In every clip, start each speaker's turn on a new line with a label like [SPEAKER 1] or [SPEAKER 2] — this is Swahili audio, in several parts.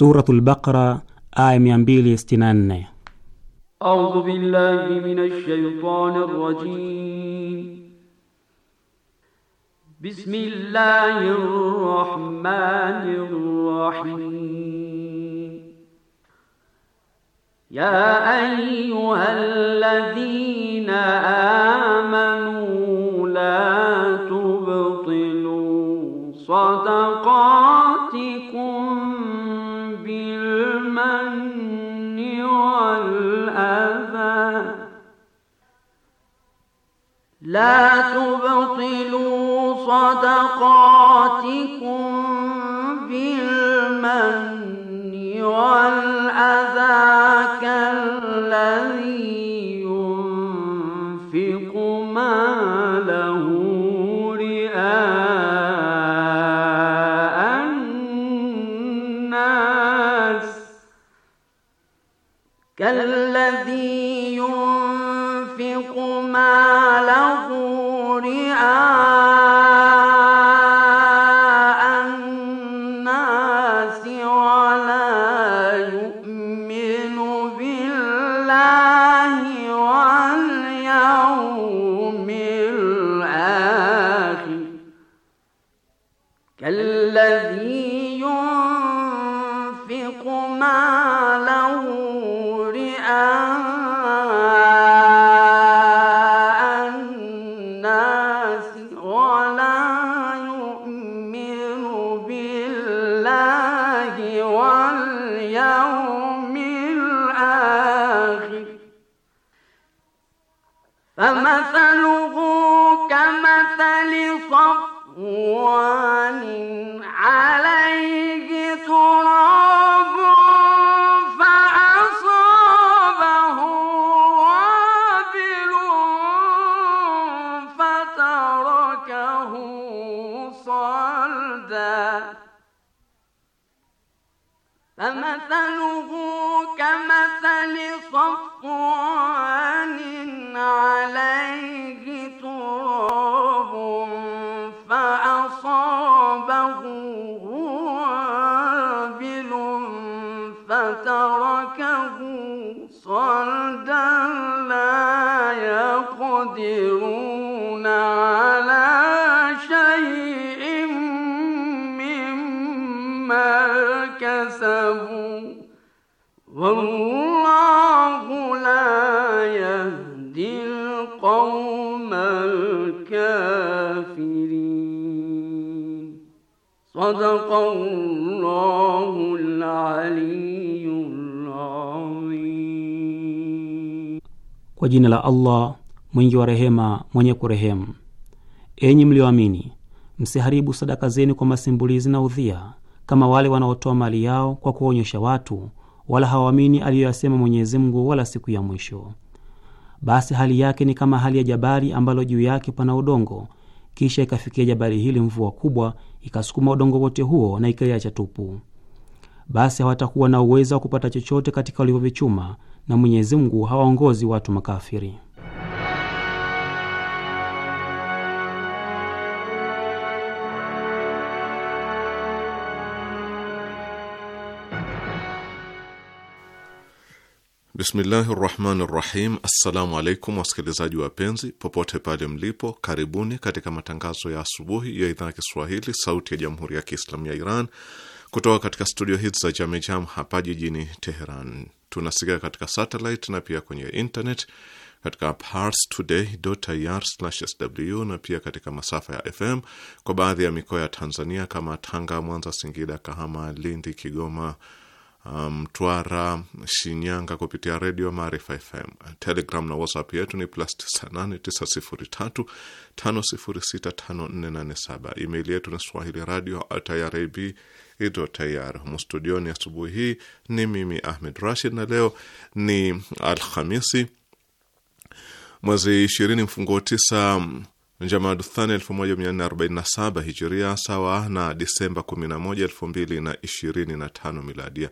[SPEAKER 1] Sura al-Baqara aya 264.
[SPEAKER 2] A'udhu billahi minash shaitanir rajim. Bismillahir rahmanir rahim. Ya أيها لا تبطلوا صدقاتكم بالمن والأذى كالذي فتركه صلدا لا يقدرون على شيء مما كسبوا والله لا يهدي القوم الكافرين صدق الله العليم
[SPEAKER 1] Kwa jina la Allah mwingi wa rehema, mwenye kurehemu. Enyi mlioamini, msiharibu sadaka zenu kwa masimbulizi na udhia, kama wale wanaotoa mali yao kwa kuwaonyesha watu, wala hawaamini aliyoyasema Mwenyezi Mungu wala siku ya mwisho. Basi hali yake ni kama hali ya jabali ambalo juu yake pana udongo, kisha ikafikia jabali hili mvua kubwa, ikasukuma udongo wote huo na ikaiacha tupu. Basi hawatakuwa na uwezo wa kupata chochote katika walivyovichuma na Mwenyezi Mungu hawaongozi watu makafiri.
[SPEAKER 3] Bismillahi rahmani rahim. Assalamu alaikum wasikilizaji wapenzi, popote pale mlipo, karibuni katika matangazo ya asubuhi ya idhaa ya Kiswahili sauti ya jamhuri ya Kiislamu ya Iran kutoka katika studio hizi za Jamejam hapa jijini Teheran. Tunasikika katika satellite na pia kwenye internet katika parstoday.ir/sw na pia katika masafa ya FM kwa baadhi ya mikoa ya Tanzania kama Tanga, Mwanza, Singida, Kahama, Lindi, Kigoma Mtwara, um, Shinyanga kupitia redio Maarifa FM. Telegram na WhatsApp yetu ni plus 989035065487. Email yetu ni swahili radio irib tayar. Mstudioni asubuhi hii ni mimi Ahmed Rashid, na leo ni Alhamisi mwezi ishirini mfungo tisa Thani 1447 hijiria sawa na Disemba 11, 2025 miladia.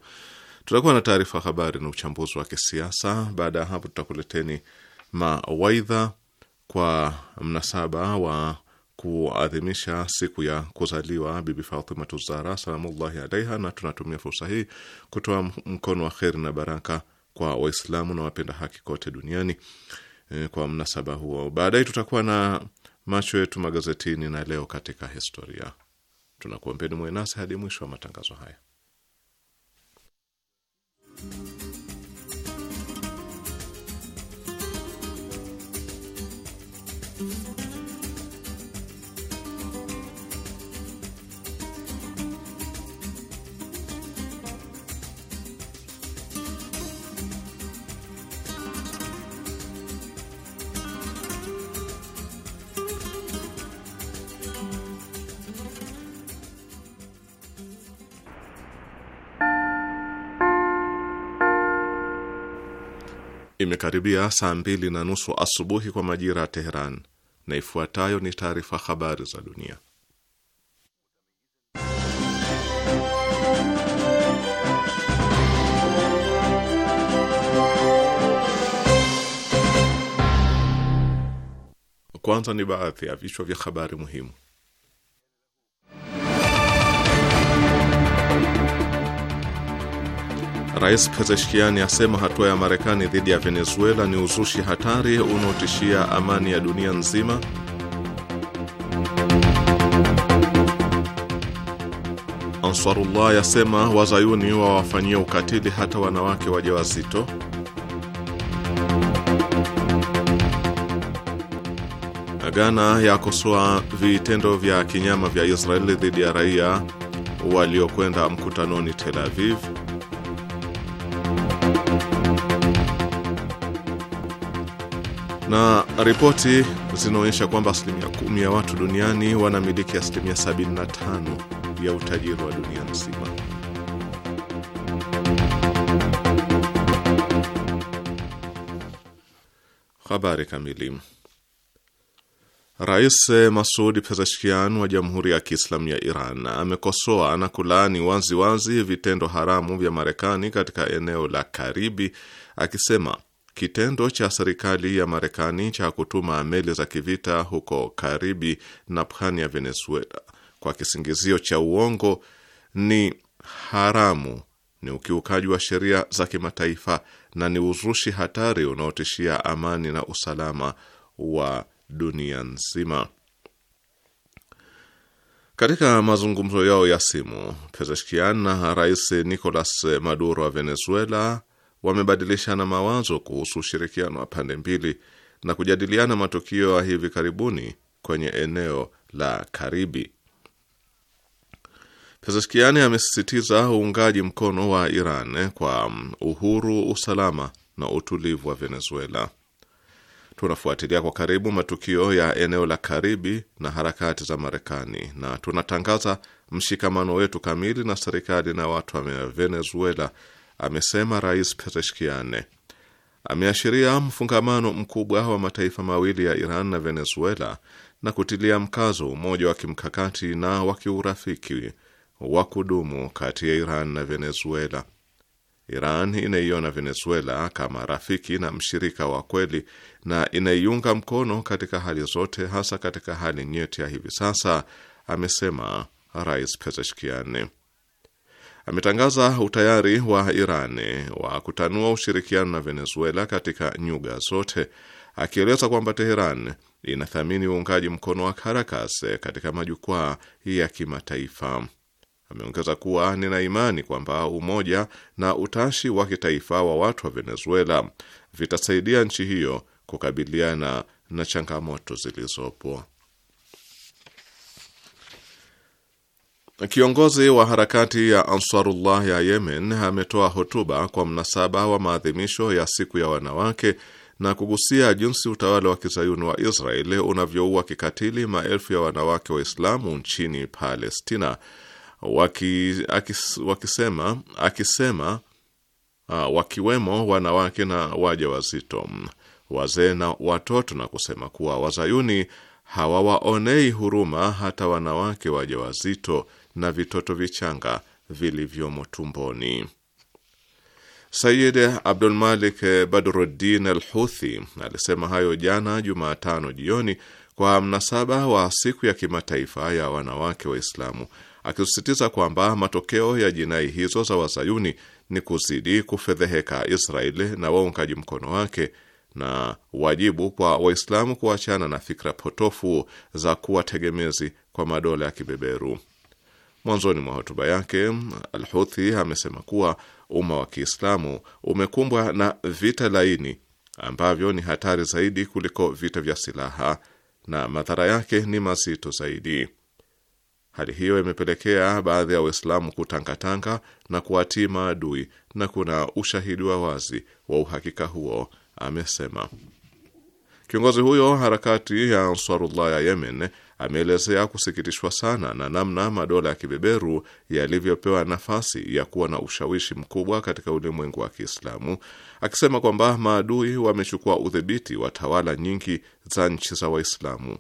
[SPEAKER 3] Tutakuwa na taarifa habari na uchambuzi wa kisiasa. Baada ya hapo, tutakuleteni mawaidha kwa mnasaba wa kuadhimisha siku ya kuzaliwa Bibi Fatimatu Zahra salamullahi alaiha, na tunatumia fursa hii kutoa mkono wa kheri na baraka kwa Waislamu na wapenda haki kote duniani eh, kwa mnasaba huo. Baadaye tutakuwa na macho yetu magazetini na leo katika historia. Tunakuombeni mwenasi hadi mwisho wa matangazo haya. Imekaribia saa mbili na nusu asubuhi kwa majira ya Teheran, na ifuatayo ni taarifa habari za dunia. Kwanza ni baadhi ya vichwa vya habari muhimu. Rais Pezeshkiani asema hatua ya Marekani dhidi ya Venezuela ni uzushi hatari unaotishia amani ya dunia nzima. Ansarullah yasema wazayuni wawafanyia ukatili hata wanawake wajawazito. Ghana yakosoa vitendo vya kinyama vya Israeli dhidi ya raia waliokwenda mkutanoni Tel Aviv. na ripoti zinaonyesha kwamba asilimia kumi ya watu duniani wanamiliki asilimia 75 ya utajiri wa dunia nzima. Habari kamili. Rais Masud Pezeshkian wa Jamhuri ya Kiislamu ya Iran amekosoa na kulaani wazi wazi vitendo haramu vya Marekani katika eneo la Karibi akisema Kitendo cha serikali ya Marekani cha kutuma meli za kivita huko Karibi na pwani ya Venezuela kwa kisingizio cha uongo ni haramu, ni ukiukaji wa sheria za kimataifa na ni uzushi hatari unaotishia amani na usalama wa dunia nzima. Katika mazungumzo yao ya simu, Pezeshkian na Rais Nicolas Maduro wa Venezuela wamebadilishana mawazo kuhusu ushirikiano wa pande mbili na kujadiliana matukio ya hivi karibuni kwenye eneo la Karibi. Pezeshkian amesisitiza uungaji mkono wa Iran kwa mm, uhuru, usalama na utulivu wa Venezuela. Tunafuatilia kwa karibu matukio ya eneo la Karibi na harakati za Marekani na tunatangaza mshikamano wetu kamili na serikali na watu wa Venezuela amesema Rais Pezeshkian. Ameashiria mfungamano mkubwa wa mataifa mawili ya Iran na Venezuela na kutilia mkazo umoja wa kimkakati na wa kiurafiki wa kudumu kati ya Iran na Venezuela. Iran inaiona Venezuela kama rafiki na mshirika wa kweli na inaiunga mkono katika hali zote, hasa katika hali nyeti ya hivi sasa, amesema Rais Pezeshkiani ametangaza utayari wa Iran wa kutanua ushirikiano na Venezuela katika nyuga zote, akieleza kwamba Teheran inathamini uungaji mkono wa Caracas katika majukwaa ya kimataifa. Ameongeza kuwa nina imani kwamba umoja na utashi wa kitaifa wa watu wa Venezuela vitasaidia nchi hiyo kukabiliana na changamoto zilizopo. Kiongozi wa harakati ya Ansarullah ya Yemen ametoa hotuba kwa mnasaba wa maadhimisho ya siku ya wanawake na kugusia jinsi utawala wa kizayuni wa Israeli unavyoua kikatili maelfu ya wanawake Waislamu nchini Palestina, waki, akis, wakisema, akisema uh, wakiwemo wanawake na waja wazito, wazee na watoto, na kusema kuwa wazayuni hawawaonei huruma hata wanawake waja wazito na vitoto vichanga vilivyomo tumboni. Sayid Abdulmalik Badruddin al Huthi alisema hayo jana Jumatano jioni kwa mnasaba wa siku ya kimataifa ya wanawake Waislamu, akisisitiza kwamba matokeo ya jinai hizo za wazayuni ni kuzidi kufedheheka Israeli na waungaji mkono wake na wajibu kwa Waislamu kuachana na fikra potofu za kuwa tegemezi kwa madola ya kibeberu. Mwanzoni mwa hotuba yake, alhuthi amesema kuwa umma wa Kiislamu umekumbwa na vita laini ambavyo ni hatari zaidi kuliko vita vya silaha na madhara yake ni mazito zaidi. Hali hiyo imepelekea baadhi ya Waislamu kutangatanga na kuwatii maadui, na kuna ushahidi wa wazi wa uhakika huo, amesema kiongozi huyo harakati ya Ansarullah ya Yemen ameelezea kusikitishwa sana na namna madola ya kibeberu yalivyopewa nafasi ya kuwa na ushawishi mkubwa katika ulimwengu wa Kiislamu, akisema kwamba maadui wamechukua udhibiti wa tawala nyingi za nchi za Waislamu.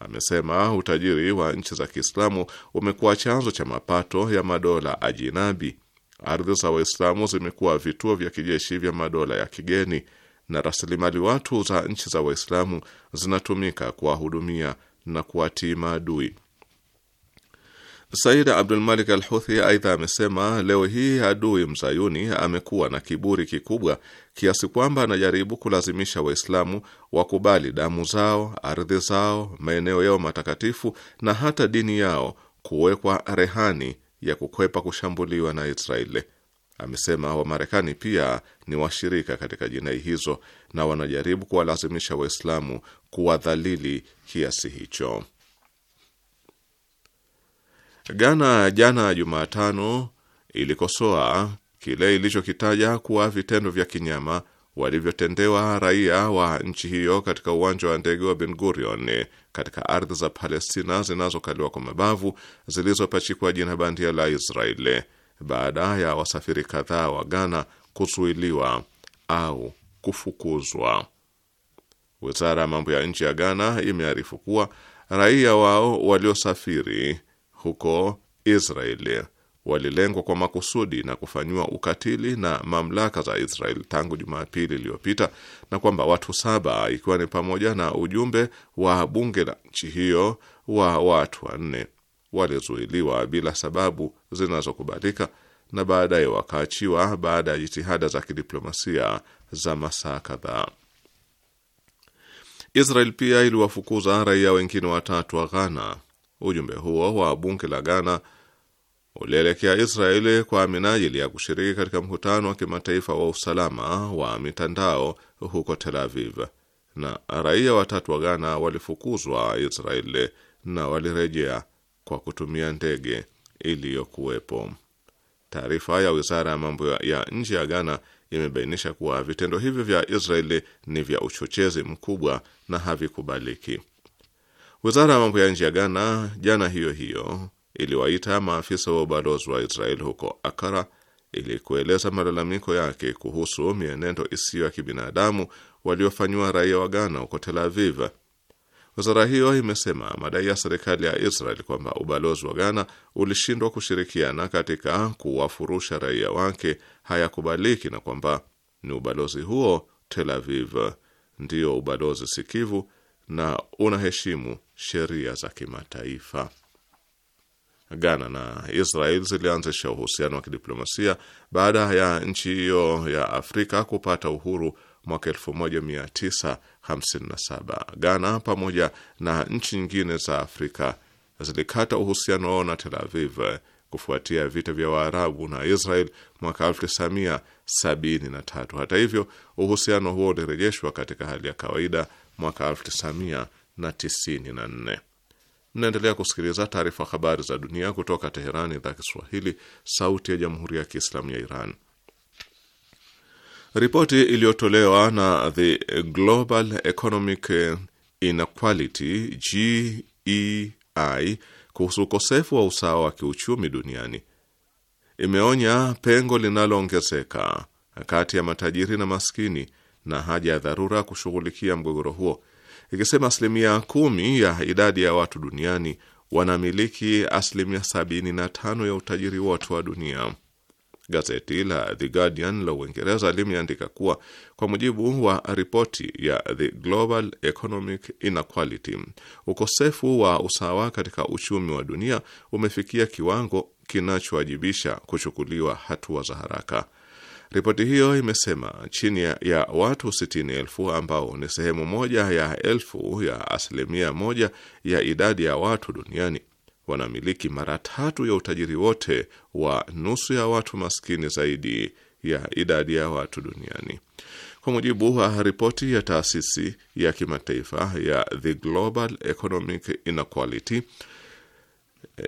[SPEAKER 3] Amesema utajiri wa nchi za Kiislamu umekuwa chanzo cha mapato ya madola ajinabi. Ardhi za Waislamu zimekuwa vituo vya kijeshi vya madola ya kigeni na rasilimali watu za nchi za Waislamu zinatumika kuwahudumia na kuwatii maadui. Said Malik Al Huthi aidha amesema leo hii adui mzayuni amekuwa na kiburi kikubwa kiasi kwamba anajaribu kulazimisha Waislamu wakubali damu zao, ardhi zao, maeneo yao matakatifu na hata dini yao kuwekwa rehani ya kukwepa kushambuliwa na Israeli. Amesema Wamarekani pia ni washirika katika jinai hizo na wanajaribu kuwalazimisha Waislamu kuwadhalili kiasi hicho. Ghana jana Jumatano ilikosoa kile ilichokitaja kuwa vitendo vya kinyama walivyotendewa raia wa nchi hiyo katika uwanja wa ndege wa Ben Gurion katika ardhi za Palestina zinazokaliwa kwa mabavu zilizopachikwa jina bandia la Israeli baada ya wasafiri kadhaa wa Ghana kuzuiliwa au kufukuzwa. Wizara ya mambo ya nchi ya Ghana imearifu kuwa raia wao waliosafiri huko Israeli walilengwa kwa makusudi na kufanyiwa ukatili na mamlaka za Israel tangu Jumapili iliyopita na kwamba watu saba ikiwa ni pamoja na ujumbe wa bunge la nchi hiyo wa watu wanne walizuiliwa bila sababu zinazokubalika na baadaye wakaachiwa baada ya jitihada za kidiplomasia za masaa kadhaa. Israel pia iliwafukuza raia wengine watatu wa Ghana. Ujumbe huo wa bunge la Ghana ulielekea Israeli kwa minajili ya kushiriki katika mkutano wa kimataifa wa usalama wa mitandao huko Tel Aviv, na raia watatu wa Ghana walifukuzwa Israeli na walirejea kwa kutumia ndege iliyokuwepo. Taarifa ya wizara ya mambo ya nje ya Ghana imebainisha kuwa vitendo hivyo vya Israeli ni vya uchochezi mkubwa na havikubaliki. Wizara ya mambo ya nje ya Ghana jana hiyo hiyo iliwaita maafisa wa ubalozi wa Israeli huko Akara ili kueleza malalamiko yake kuhusu mienendo isiyo ya kibinadamu waliofanyiwa raia wa Ghana huko Tel Aviv Wizara hiyo imesema madai ya serikali ya Israel kwamba ubalozi wa Ghana ulishindwa kushirikiana katika kuwafurusha raia wake hayakubaliki na kwamba ni ubalozi huo Tel Aviv ndio ubalozi sikivu na unaheshimu sheria za kimataifa. Ghana na Israel zilianzisha uhusiano wa kidiplomasia baada ya nchi hiyo ya Afrika kupata uhuru mwaka 1957. Ghana pamoja na nchi nyingine za Afrika zilikata uhusiano wao na Tel Aviv kufuatia vita vya Waarabu na Israel mwaka 1973. Hata hivyo, uhusiano huo ulirejeshwa katika hali ya kawaida mwaka 1994. Mnaendelea kusikiliza taarifa habari za dunia kutoka Teherani, idhaa Kiswahili, sauti ya jamhuri ya kiislamu ya Iran. Ripoti iliyotolewa na The Global Economic Inequality GEI kuhusu ukosefu wa usawa wa kiuchumi duniani imeonya pengo linaloongezeka kati ya matajiri na maskini na haja ya dharura kushughulikia mgogoro huo, ikisema asilimia kumi ya idadi ya watu duniani wanamiliki asilimia sabini na tano ya utajiri wote wa dunia. Gazeti la The Guardian la Uingereza limeandika kuwa kwa mujibu wa ripoti ya The Global Economic Inequality, ukosefu wa usawa katika uchumi wa dunia umefikia kiwango kinachowajibisha kuchukuliwa hatua za haraka. Ripoti hiyo imesema chini ya watu sitini elfu ambao ni sehemu moja ya elfu ya asilimia moja ya idadi ya watu duniani wanamiliki mara tatu ya utajiri wote wa nusu ya watu maskini zaidi ya idadi ya watu duniani. Kwa mujibu wa ripoti ya taasisi ya kimataifa ya The Global Economic Inequality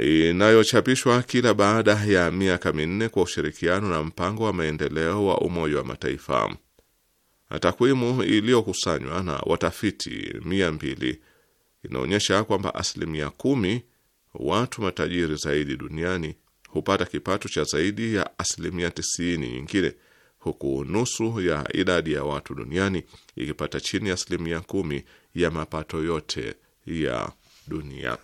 [SPEAKER 3] inayochapishwa kila baada ya miaka minne kwa ushirikiano na mpango wa maendeleo wa Umoja wa Mataifa, takwimu iliyokusanywa na watafiti mia mbili inaonyesha kwamba asilimia kumi watu matajiri zaidi duniani hupata kipato cha zaidi ya asilimia 90 nyingine, huku nusu ya idadi ya watu duniani ikipata chini ya asilimia kumi ya mapato yote ya dunia.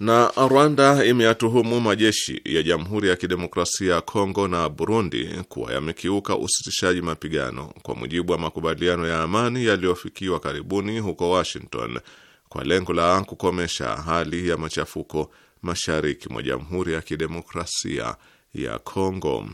[SPEAKER 3] Na Rwanda imeyatuhumu majeshi ya Jamhuri ya Kidemokrasia ya Kongo na Burundi kuwa yamekiuka usitishaji mapigano kwa mujibu wa makubaliano ya amani yaliyofikiwa karibuni huko Washington kwa lengo la kukomesha hali ya machafuko mashariki mwa Jamhuri ya Kidemokrasia ya Kongo.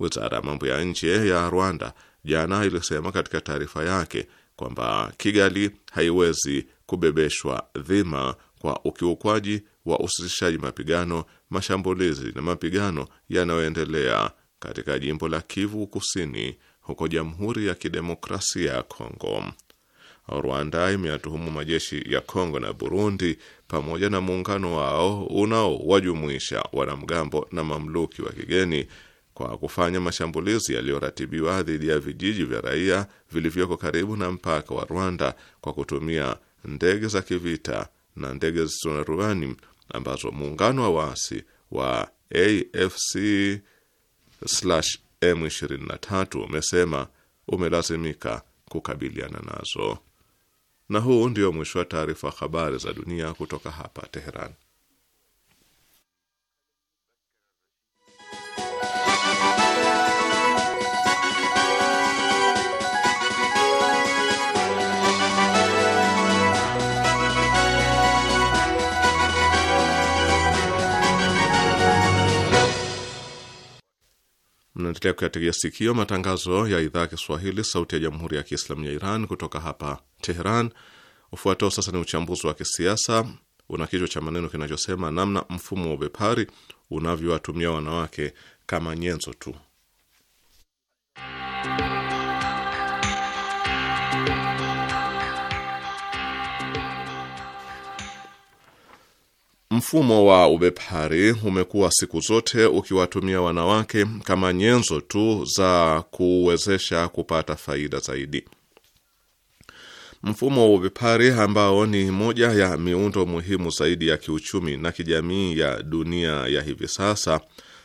[SPEAKER 3] Wizara ya mambo ya nje ya Rwanda jana ilisema katika taarifa yake kwamba Kigali haiwezi kubebeshwa dhima kwa ukiukwaji wa usitishaji mapigano, mashambulizi na mapigano yanayoendelea katika jimbo la Kivu Kusini huko Jamhuri ya Kidemokrasia ya Kongo. Rwanda imeyatuhumu majeshi ya Kongo na Burundi pamoja na muungano wao unaowajumuisha wanamgambo na mamluki wa kigeni kwa kufanya mashambulizi yaliyoratibiwa dhidi ya vijiji vya raia vilivyoko karibu na mpaka wa Rwanda kwa kutumia ndege za kivita na ndege zisizo na rubani ambazo muungano wa waasi wa AFC/M23 umesema umelazimika kukabiliana nazo. Na huu ndio mwisho wa taarifa habari za dunia kutoka hapa Teheran. Mnaendelea kuyategea sikio matangazo ya idhaa ya Kiswahili, sauti ya jamhuri ya kiislamu ya Iran kutoka hapa Teheran. Ufuatao sasa ni uchambuzi wa kisiasa una kichwa cha maneno kinachosema namna mfumo wa ubepari unavyowatumia wanawake kama nyenzo tu. Mfumo wa ubepari umekuwa siku zote ukiwatumia wanawake kama nyenzo tu za kuwezesha kupata faida zaidi. Mfumo wa ubepari ambao ni moja ya miundo muhimu zaidi ya kiuchumi na kijamii ya dunia ya hivi sasa,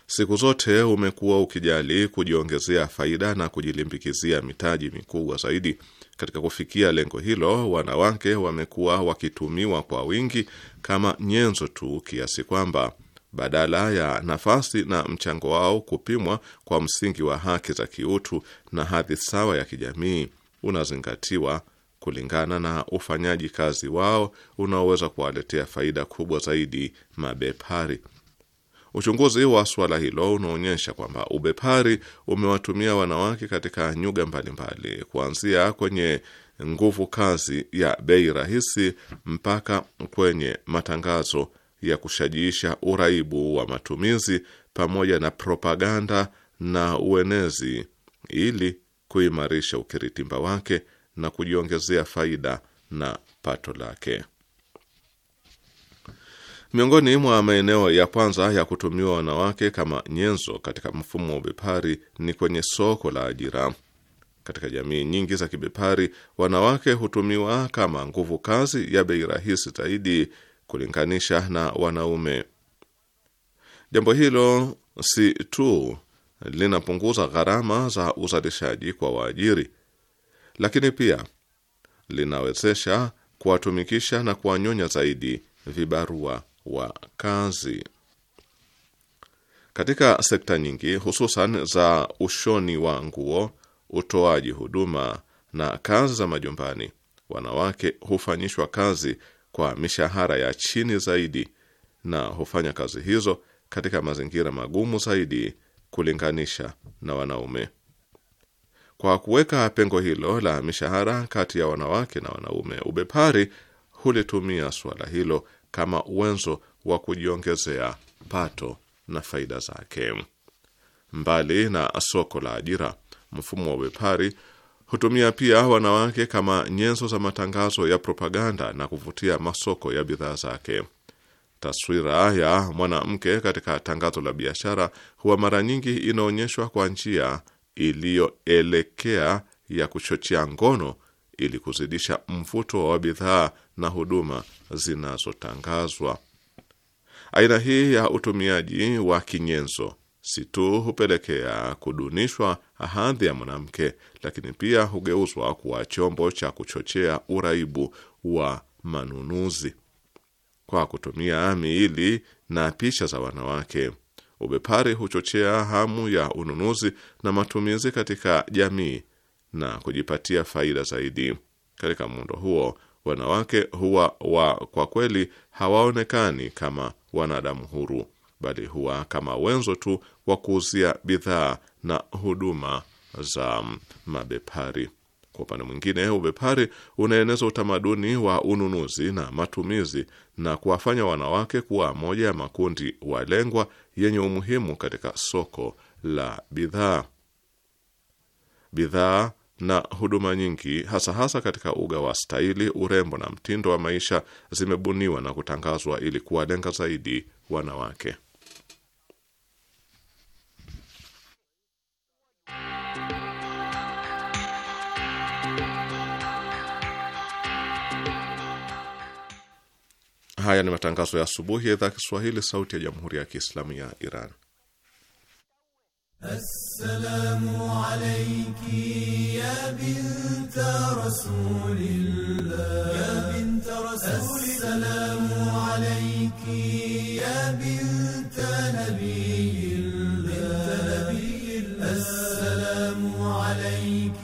[SPEAKER 3] siku zote umekuwa ukijali kujiongezea faida na kujilimbikizia mitaji mikubwa zaidi katika kufikia lengo hilo, wanawake wamekuwa wakitumiwa kwa wingi kama nyenzo tu, kiasi kwamba badala ya nafasi na mchango wao kupimwa kwa msingi wa haki za kiutu na hadhi sawa ya kijamii, unazingatiwa kulingana na ufanyaji kazi wao unaoweza kuwaletea faida kubwa zaidi mabepari. Uchunguzi wa suala hilo unaonyesha kwamba ubepari umewatumia wanawake katika nyuga mbalimbali, kuanzia kwenye nguvu kazi ya bei rahisi mpaka kwenye matangazo ya kushajiisha uraibu wa matumizi pamoja na propaganda na uenezi ili kuimarisha ukiritimba wake na kujiongezea faida na pato lake. Miongoni mwa maeneo ya kwanza ya kutumiwa wanawake kama nyenzo katika mfumo wa ubepari ni kwenye soko la ajira. Katika jamii nyingi za kibepari, wanawake hutumiwa kama nguvu kazi ya bei rahisi zaidi kulinganisha na wanaume. Jambo hilo si tu linapunguza gharama za uzalishaji kwa waajiri, lakini pia linawezesha kuwatumikisha na kuwanyonya zaidi vibarua wa kazi. Katika sekta nyingi hususan za ushoni wa nguo, utoaji huduma na kazi za majumbani, wanawake hufanyishwa kazi kwa mishahara ya chini zaidi na hufanya kazi hizo katika mazingira magumu zaidi kulinganisha na wanaume. Kwa kuweka pengo hilo la mishahara kati ya wanawake na wanaume, ubepari hulitumia suala hilo kama uwenzo wa kujiongezea pato na faida zake. Mbali na soko la ajira, mfumo wa wepari hutumia pia wanawake kama nyenzo za matangazo ya propaganda na kuvutia masoko ya bidhaa zake. Taswira ya mwanamke katika tangazo la biashara huwa mara nyingi inaonyeshwa kwa njia iliyoelekea ya kuchochea ngono ili kuzidisha mvuto wa bidhaa na huduma zinazotangazwa. Aina hii ya utumiaji wa kinyenzo si tu hupelekea kudunishwa hadhi ya mwanamke, lakini pia hugeuzwa kuwa chombo cha kuchochea uraibu wa manunuzi. Kwa kutumia miili na picha za wanawake, ubepari huchochea hamu ya ununuzi na matumizi katika jamii na kujipatia faida zaidi. Katika muundo huo wanawake huwa wa kwa kweli hawaonekani kama wanadamu huru, bali huwa kama wenzo tu wa kuuzia bidhaa na huduma za mabepari. Kwa upande mwingine, ubepari unaeneza utamaduni wa ununuzi na matumizi na kuwafanya wanawake kuwa moja ya makundi walengwa yenye umuhimu katika soko la bidhaa. Bidhaa na huduma nyingi hasa hasa katika uga wa staili, urembo na mtindo wa maisha zimebuniwa na kutangazwa ili kuwalenga zaidi wanawake. Haya ni matangazo ya asubuhi ya idhaa Kiswahili, Sauti ya Jamhuri ya Kiislamu ya Iran.
[SPEAKER 4] السلام عليك يا بنت رسول الله يا بنت رسول السلام عليك
[SPEAKER 2] يا بنت نبي الله السلام عليك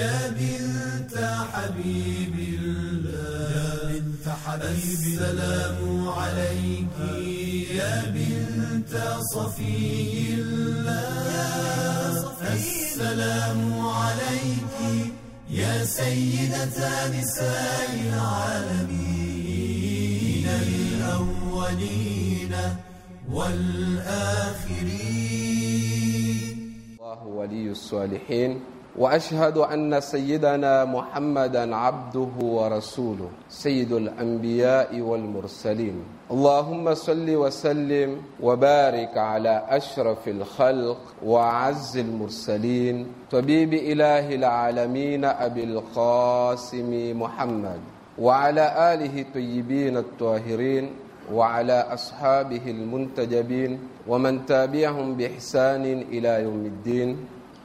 [SPEAKER 2] يا بنت حبيب الله يا بنت حبيب السلام عليك يا بنت صفي
[SPEAKER 4] يا سيدة نساء العالمين الأولين
[SPEAKER 5] والآخرين الله ولي الصالحين وأشهد أن سيدنا محمدا عبده ورسوله سيد الأنبياء والمرسلين اللهم صل وسلم وبارك على أشرف الخلق وعز المرسلين طبيب إله العالمين أبي القاسم محمد وعلى آله الطيبين الطاهرين وعلى أصحابه المنتجبين ومن تابعهم بإحسان إلى يوم الدين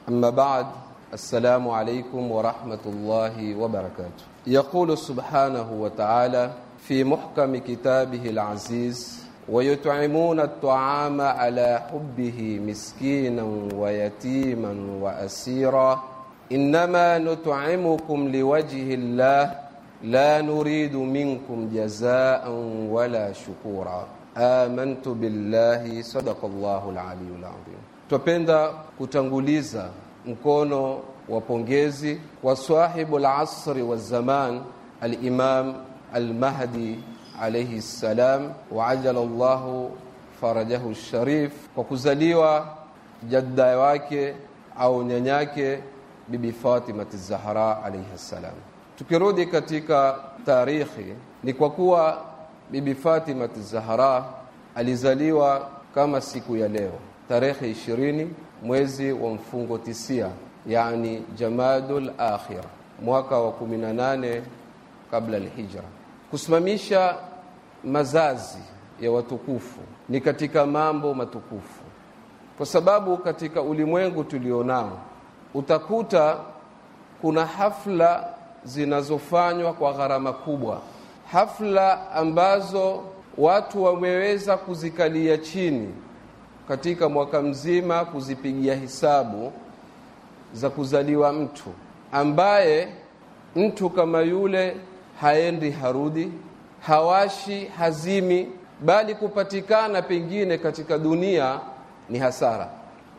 [SPEAKER 5] أما بعد السلام عليكم ورحمة الله وبركاته يقول سبحانه وتعالى في محكم كتابه العزيز ويطعمون الطعام على حبه مسكينا ويتيما واسيرا انما نطعمكم لوجه الله لا نريد منكم جزاء ولا شكورا امنت بالله صدق الله العلي العظيم tupenda kutanguliza mkono وبونجيزي وصاحب العصر والزمان الامام al-Mahdi alayhi salam wa ajala farajahu sharif, kwa kuzaliwa jadda wake au nyanyake Bibi Fatima Zahra alayhi salam. Tukirudi katika tarikhi, ni kwa kuwa Bibi Fatima Zahra alizaliwa kama siku ya leo tarehe ishirini mwezi wa mfungo tisia, yani Jamadul Akhir mwaka wa 18 kabla al-Hijra. Kusimamisha mazazi ya watukufu ni katika mambo matukufu, kwa sababu katika ulimwengu tulionao utakuta kuna hafla zinazofanywa kwa gharama kubwa, hafla ambazo watu wameweza kuzikalia chini katika mwaka mzima kuzipigia hisabu za kuzaliwa mtu ambaye mtu kama yule haendi harudi, hawashi hazimi, bali kupatikana pengine katika dunia ni hasara.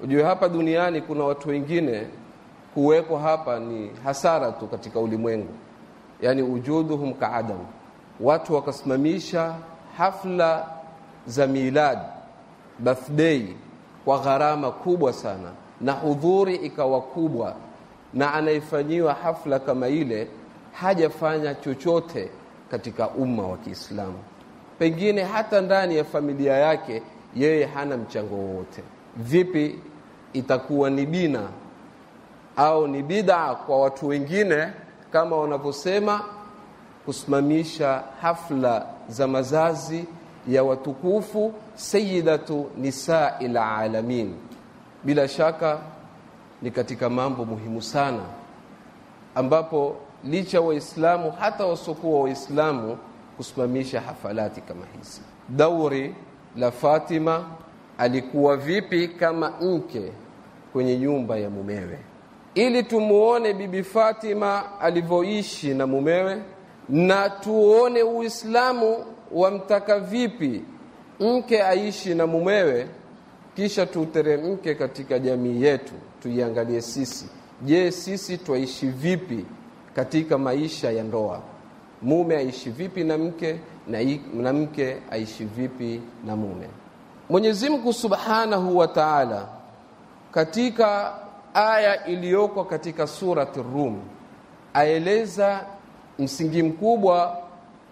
[SPEAKER 5] Ujue hapa duniani kuna watu wengine kuwekwa hapa ni hasara tu katika ulimwengu, yani ujuduhum kaadam. Watu wakasimamisha hafla za milad birthday kwa gharama kubwa sana, na hudhuri ikawa kubwa, na anayefanyiwa hafla kama ile hajafanya chochote katika umma wa Kiislamu, pengine hata ndani ya familia yake yeye hana mchango wowote. Vipi itakuwa ni dina au ni bidaa kwa watu wengine kama wanavyosema kusimamisha hafla za mazazi ya watukufu sayyidatu Nisai alamin. Bila shaka ni katika mambo muhimu sana ambapo licha Waislamu hata wasiokuwa Waislamu kusimamisha hafalati kama hizi. Dauri la Fatima alikuwa vipi kama mke kwenye nyumba ya mumewe, ili tumuone Bibi Fatima alivyoishi na mumewe na tuone Uislamu wamtaka vipi mke aishi na mumewe, kisha tuteremke katika jamii yetu, tuiangalie sisi. Je, sisi twaishi vipi katika maisha ya ndoa, mume aishi vipi na mke na, na mke aishi vipi na mume. Mwenyezi Mungu Subhanahu wa Ta'ala katika aya iliyoko katika surati Rum aeleza msingi mkubwa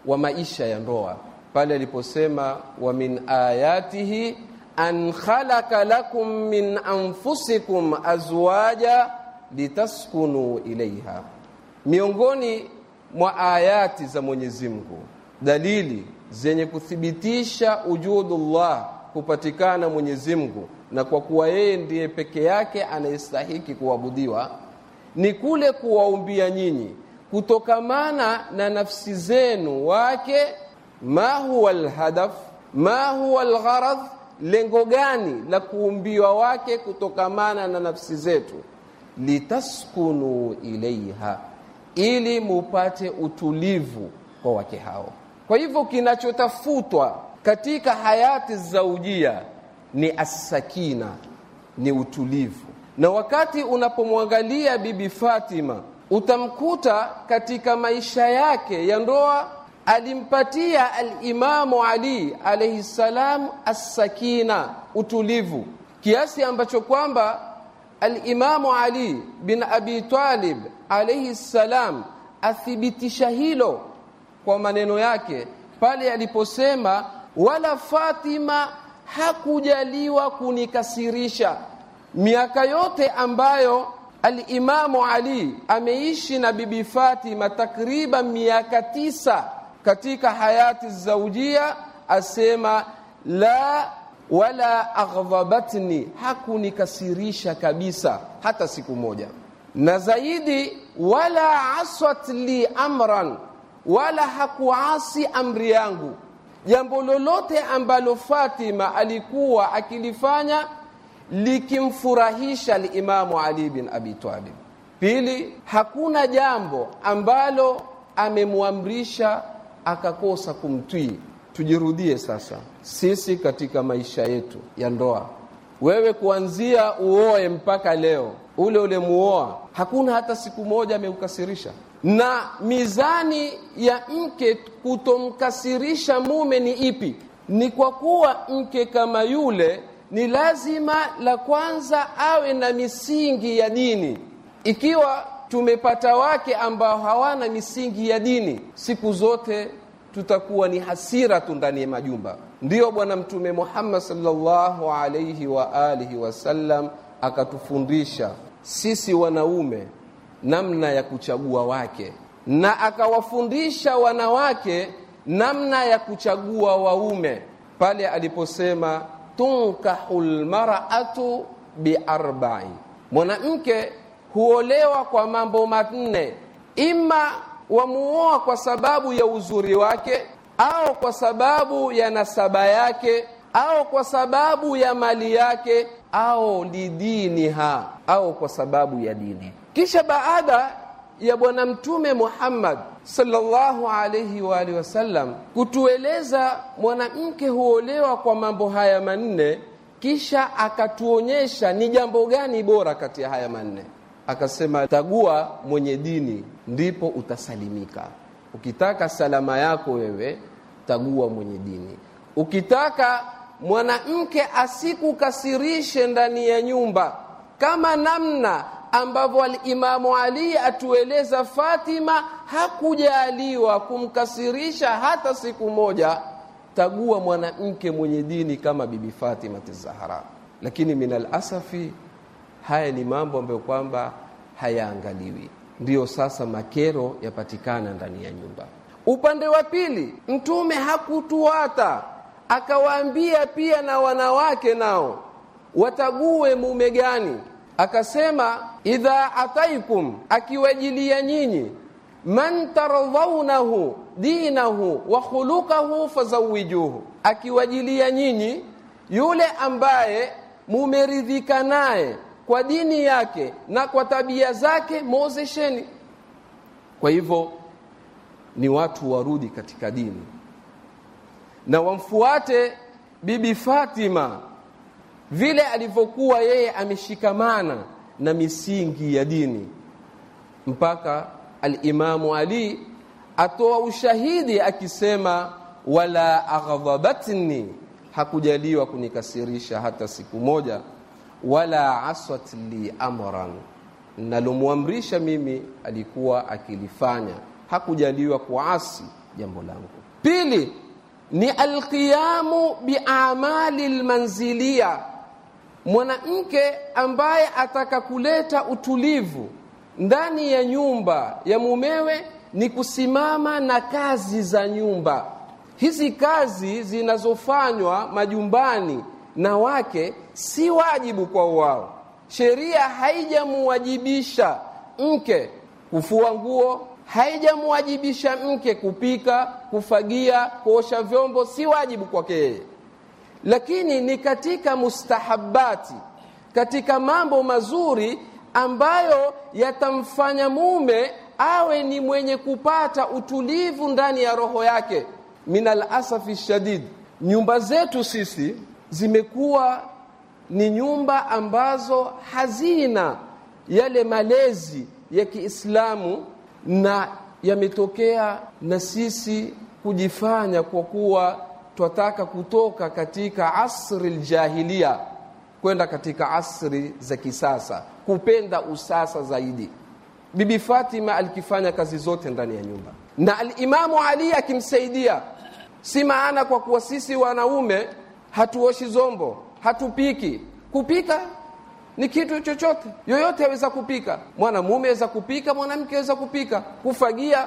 [SPEAKER 5] wa maisha ya ndoa pale aliposema, wa min ayatihi an khalaqa lakum min anfusikum azwaja litaskunu ilaiha Miongoni mwa ayati za Mwenyezi Mungu, dalili zenye kuthibitisha ujudullah, kupatikana Mwenyezi Mungu, na kwa kuwa yeye ndiye peke yake anayestahiki kuabudiwa, ni kule kuwaumbia nyinyi kutokamana na nafsi zenu wake. Ma huwa alhadaf, ma huwa algharadh, lengo gani la kuumbiwa wake kutokamana na nafsi zetu? Litaskunu ilaiha ili mupate utulivu kwa wake hao. Kwa hivyo kinachotafutwa katika hayati zaujia ni asakina, ni utulivu. Na wakati unapomwangalia Bibi Fatima utamkuta katika maisha yake ya ndoa alimpatia Alimamu Ali alaihi ssalam assakina, utulivu kiasi ambacho kwamba al Ali bin Abi Talib alayhi salam athibitisha hilo kwa maneno yake pale aliposema wala Fatima hakujaliwa kunikasirisha miaka yote ambayo al Ali ameishi na Bibi Fatima takriban miaka tisa katika hayati zaujia asema la wala aghdhabatni, hakunikasirisha kabisa hata siku moja. Na zaidi, wala aswat li amran, wala hakuasi amri yangu. Jambo lolote ambalo Fatima alikuwa akilifanya likimfurahisha limamu Ali bin Abi Talib. Pili, hakuna jambo ambalo amemwamrisha akakosa kumtwii tujirudie sasa sisi katika maisha yetu ya ndoa. Wewe kuanzia uoe mpaka leo, ule ulemuoa hakuna hata siku moja ameukasirisha, na mizani ya mke kutomkasirisha mume ni ipi? Ni kwa kuwa mke kama yule ni lazima la kwanza awe na misingi ya dini. Ikiwa tumepata wake ambao hawana misingi ya dini, siku zote tutakuwa ni hasira tu ndani ya majumba. Ndiyo Bwana Mtume Muhammad sallallahu alaihi wa alihi wasallam akatufundisha sisi wanaume namna ya kuchagua wake, na akawafundisha wanawake namna ya kuchagua waume pale aliposema tunkahu lmaratu biarbai, mwanamke huolewa kwa mambo manne, ima wamuoa kwa sababu ya uzuri wake au kwa sababu ya nasaba yake au kwa sababu ya mali yake au ha au kwa sababu ya dini. Kisha baada ya Bwana Mtume Muhammad sallallahu alaihi wa alihi wasallam kutueleza mwanamke huolewa kwa mambo haya manne, kisha akatuonyesha ni jambo gani bora kati ya haya manne. Akasema, tagua mwenye dini ndipo utasalimika. Ukitaka salama yako wewe, tagua mwenye dini. Ukitaka mwanamke asikukasirishe ndani ya nyumba, kama namna ambavyo alimamu Ali atueleza Fatima hakujaliwa kumkasirisha hata siku moja. tagua mwanamke mwenye dini kama Bibi Fatima tizahara lakini min alasafi haya ni mambo ambayo kwamba hayaangaliwi, ndiyo sasa makero yapatikana ndani ya nyumba. Upande wa pili, Mtume hakutuata akawaambia pia na wanawake nao watague mume gani, akasema idha ataikum, akiwajilia nyinyi man tardhaunahu dinahu wa khulukahu fazawijuhu, akiwajilia nyinyi yule ambaye mumeridhika naye kwa dini yake na kwa tabia zake muozesheni kwa hivyo ni watu warudi katika dini na wamfuate bibi Fatima vile alivyokuwa yeye ameshikamana na misingi ya dini mpaka alimamu Ali atoa ushahidi akisema wala aghadhabatni hakujaliwa kunikasirisha hata siku moja wala aswat li amran, nalomwamrisha mimi alikuwa akilifanya, hakujaliwa kuasi jambo langu. Pili ni alqiyamu biamali lmanzilia, mwanamke ambaye ataka kuleta utulivu ndani ya nyumba ya mumewe ni kusimama na kazi za nyumba. Hizi kazi zinazofanywa majumbani na wake si wajibu kwa wao. Sheria haijamuwajibisha mke kufua nguo, haijamuwajibisha mke kupika, kufagia, kuosha vyombo, si wajibu kwake yeye, lakini ni katika mustahabati, katika mambo mazuri ambayo yatamfanya mume awe ni mwenye kupata utulivu ndani ya roho yake. Minal asafi shadid, nyumba zetu sisi zimekuwa ni nyumba ambazo hazina yale malezi ya Kiislamu na yametokea na sisi kujifanya kwa kuwa twataka kutoka katika asri ljahilia kwenda katika asri za kisasa, kupenda usasa zaidi. Bibi Fatima alikifanya kazi zote ndani ya nyumba na Alimamu Ali akimsaidia, si maana kwa kuwa sisi wanaume hatuoshi zombo, hatupiki. Kupika ni kitu chochote, yoyote aweza kupika, mwanamume aweza kupika, mwanamke aweza kupika. Kufagia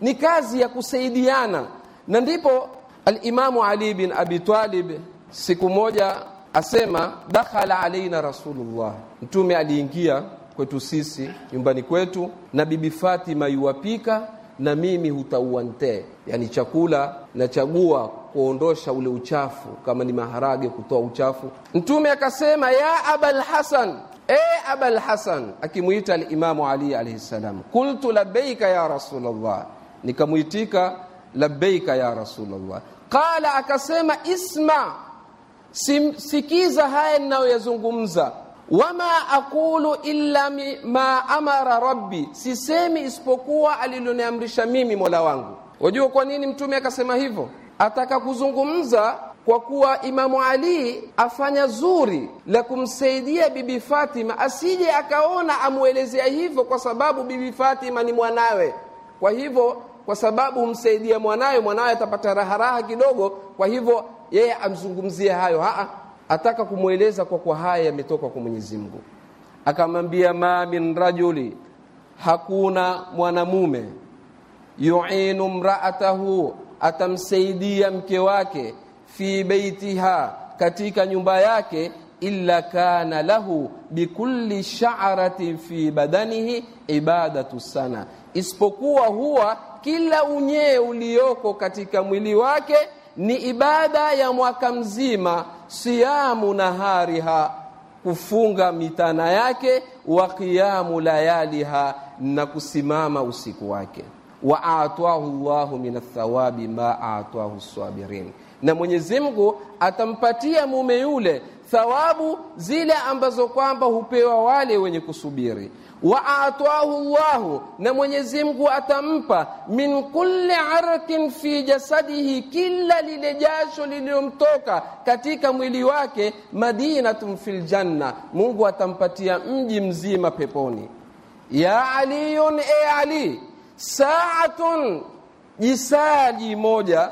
[SPEAKER 5] ni kazi ya kusaidiana, na ndipo Alimamu Ali bin Abi Talib siku moja asema, dakhala alaina Rasulullah, Mtume aliingia kwetu sisi nyumbani kwetu, na Bibi Fatima yuwapika na mimi hutaua ntee. Yani chakula nachagua kuondosha ule uchafu, kama ni maharage kutoa uchafu. Mtume akasema ya abal hasan, e abal hasan, akimwita alimamu Ali alaihi salam. Kultu labeika ya rasulullah, nikamwitika labeika ya rasulullah. Qala, akasema isma, sim, sikiza haya ninayoyazungumza wama aqulu illa ma amara rabbi, sisemi isipokuwa aliloniamrisha mimi mola wangu. Wajua kwa nini mtume akasema hivyo? Ataka kuzungumza kwa kuwa Imamu Ali afanya zuri la kumsaidia Bibi Fatima, asije akaona amwelezea hivyo kwa sababu Bibi Fatima ni mwanawe. Kwa hivyo, kwa sababu humsaidia mwanawe, mwanawe atapata raharaha kidogo. Kwa hivyo, yeye amzungumzie hayo. Haa ataka kumweleza kwa kwa haya yametoka kwa Mwenyezi Mungu akamwambia ma min rajuli hakuna mwanamume yu'inu mra'atahu atamsaidia mke wake fi baitiha katika nyumba yake illa kana lahu bikulli sha'ratin fi badanihi ibadatu sana isipokuwa huwa kila unyee ulioko katika mwili wake ni ibada ya mwaka mzima siyamu nahariha kufunga mitana yake wa qiyamu layaliha na kusimama usiku wake wa atwahu llahu min athawabi ma atwahu sabirin na mwenyezi mungu atampatia mume yule thawabu zile ambazo kwamba hupewa wale wenye kusubiri wa atahu llahu, na Mwenyezi Mungu atampa min kulli arkin fi jasadihi, kila lile jasho lililomtoka katika mwili wake, madinatun fil janna, Mungu atampatia mji mzima peponi. Ya aliyun, e Ali, saatun, jisaji moja,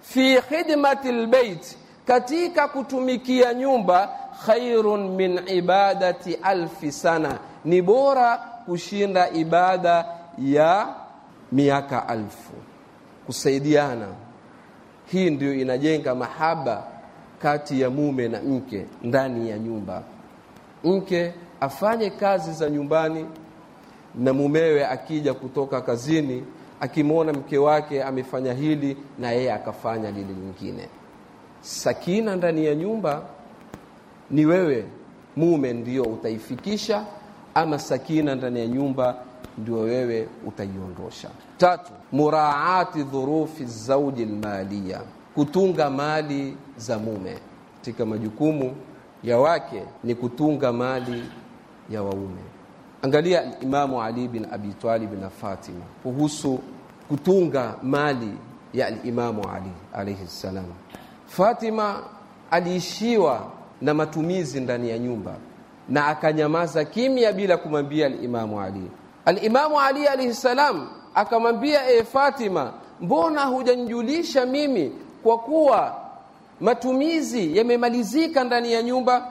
[SPEAKER 5] fi khidmati lbeit, katika kutumikia nyumba, khairun min ibadati alfi sana ni bora kushinda ibada ya miaka alfu. Kusaidiana, hii ndio inajenga mahaba kati ya mume na mke ndani ya nyumba. Mke afanye kazi za nyumbani, na mumewe akija kutoka kazini akimwona mke wake amefanya hili na yeye akafanya lile lingine. Sakina ndani ya nyumba ni wewe mume, ndio utaifikisha ama sakina ndani ya nyumba ndio wewe utaiondosha. Tatu, muraati dhurufi zauji lmalia, kutunga mali za mume. Katika majukumu ya wake ni kutunga mali ya waume. Angalia Alimamu Ali bin Abi Talib na Fatima kuhusu kutunga mali ya Alimamu Ali alaihi salam. Fatima aliishiwa na matumizi ndani ya nyumba na akanyamaza kimya bila kumwambia alimamu Ali. Alimamu Ali alaihi salam akamwambia, e Fatima, mbona hujanijulisha mimi kwa kuwa matumizi yamemalizika ndani ya nyumba?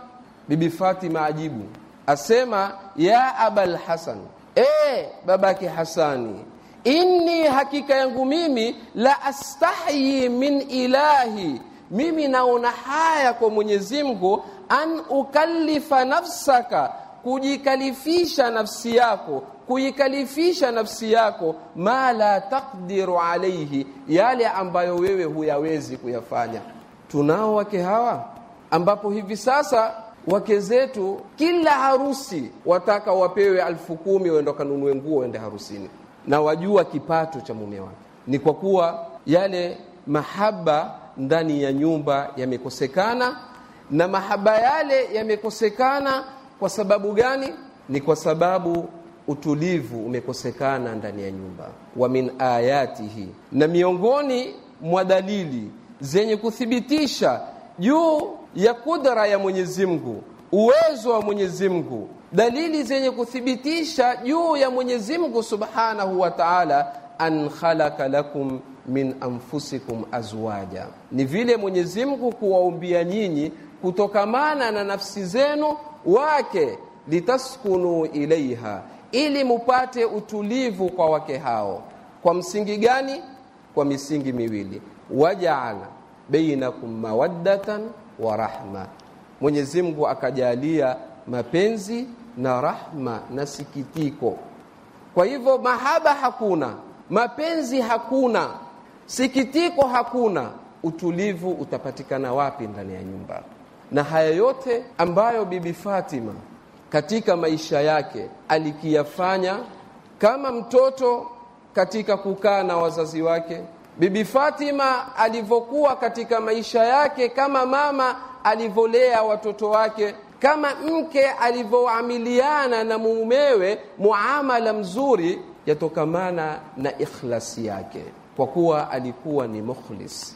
[SPEAKER 5] Bibi Fatima ajibu asema, ya abal Hasan, e babake Hasani, inni hakika yangu mimi la astahyi min ilahi mimi naona haya kwa Mwenyezi Mungu, an ukalifa nafsaka, kujikalifisha nafsi yako, kuikalifisha nafsi yako, ma la takdiru alaihi, yale ambayo wewe huyawezi kuyafanya. Tunao wake hawa ambapo hivi sasa wake zetu kila harusi wataka wapewe alfu kumi waende kanunue nguo waende harusini, na wajua kipato cha mume wake ni kwa kuwa yale mahaba ndani ya nyumba yamekosekana, na mahaba yale yamekosekana. Kwa sababu gani? Ni kwa sababu utulivu umekosekana ndani ya nyumba. Wa min ayatihi, na miongoni mwa dalili zenye kuthibitisha juu ya kudra ya Mwenyezi Mungu, uwezo wa Mwenyezi Mungu, dalili zenye kuthibitisha juu ya Mwenyezi Mungu subhanahu wa ta'ala, an khalaqa lakum min anfusikum azwaja, ni vile Mwenyezi Mungu kuwaumbia nyinyi kutokamana na nafsi zenu wake, litaskunu ilaiha, ili mupate utulivu kwa wake hao. Kwa msingi gani? Kwa misingi miwili, wajaala bainakum mawaddatan wa rahma, Mwenyezi Mungu akajalia mapenzi na rahma na sikitiko. Kwa hivyo mahaba hakuna, mapenzi hakuna sikitiko hakuna, utulivu utapatikana wapi ndani ya nyumba? Na haya yote ambayo Bibi Fatima katika maisha yake alikiyafanya kama mtoto katika kukaa na wazazi wake, Bibi Fatima alivyokuwa katika maisha yake kama mama alivyolea watoto wake, kama mke alivyoamiliana na mumewe muamala mzuri, yatokamana na ikhlasi yake kwa kuwa alikuwa ni mukhlis,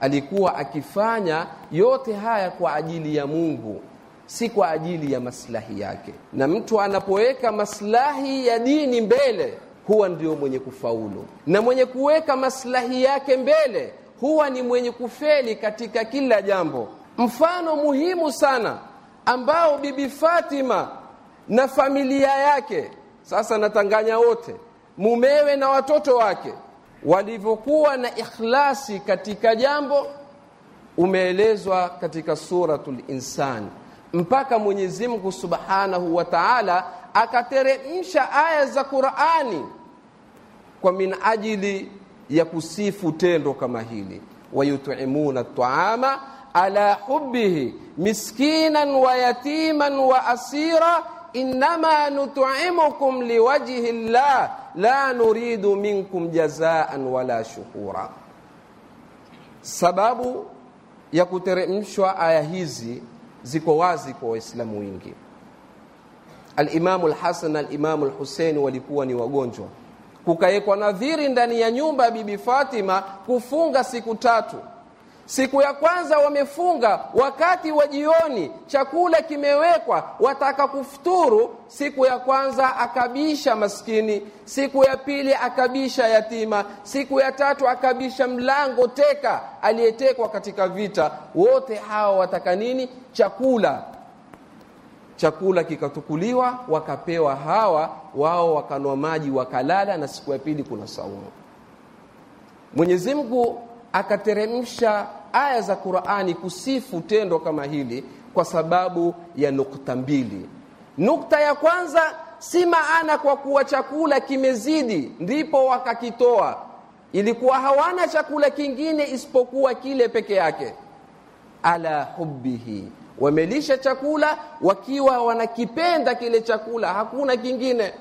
[SPEAKER 5] alikuwa akifanya yote haya kwa ajili ya Mungu, si kwa ajili ya maslahi yake. Na mtu anapoweka maslahi ya dini mbele huwa ndio mwenye kufaulu, na mwenye kuweka maslahi yake mbele huwa ni mwenye kufeli katika kila jambo. Mfano muhimu sana ambao Bibi Fatima na familia yake, sasa natanganya wote, mumewe na watoto wake walivyokuwa na ikhlasi katika jambo umeelezwa katika suratul Insan, mpaka Mwenyezi Mungu Subhanahu wa Ta'ala akateremsha aya za Qur'ani kwa min ajili ya kusifu tendo kama hili wayutimuna taama ala hubbihi miskinan wa yatiman wa asira inma nut'imukum liwajhi llah la nuridu minkum jazaan wala shukura. Sababu ya kuteremshwa aya hizi ziko wazi kwa Waislamu wengi. Alimamu Alhasan Alimamu Alhuseini walikuwa ni wagonjwa, kukawekwa nadhiri ndani ya nyumba ya Bibi Fatima kufunga siku tatu Siku ya kwanza wamefunga, wakati wa jioni chakula kimewekwa, wataka kufuturu. Siku ya kwanza akabisha maskini, siku ya pili akabisha yatima, siku ya tatu akabisha mlango teka aliyetekwa katika vita. Wote hawa wataka nini? Chakula. Chakula kikatukuliwa, wakapewa hawa, wao wakanwa maji, wakalala, na siku ya pili kuna saumu. Mwenyezi Mungu akateremsha aya za Qur'ani kusifu tendo kama hili kwa sababu ya nukta mbili. Nukta ya kwanza si maana kwa kuwa chakula kimezidi ndipo wakakitoa, ilikuwa hawana chakula kingine isipokuwa kile peke yake. Ala hubbihi, wamelisha chakula wakiwa wanakipenda kile chakula, hakuna kingine.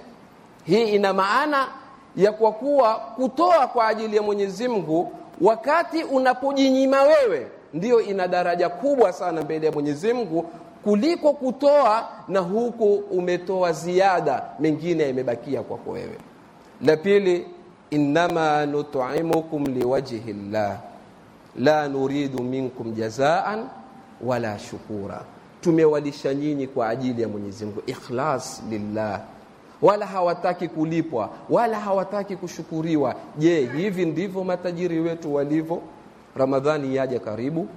[SPEAKER 5] Hii ina maana ya kwa kuwa kutoa kwa ajili ya Mwenyezi Mungu Wakati unapojinyima wewe, ndiyo ina daraja kubwa sana mbele ya Mwenyezi Mungu kuliko kutoa na huku umetoa ziada, mengine yamebakia kwako wewe. La pili, innama nut'imukum liwajhi llah la nuridu minkum jazaan wala shukura, tumewalisha nyinyi kwa ajili ya Mwenyezi Mungu, ikhlas lillah wala hawataki kulipwa wala hawataki kushukuriwa je hivi ndivyo matajiri wetu walivyo ramadhani yaja karibu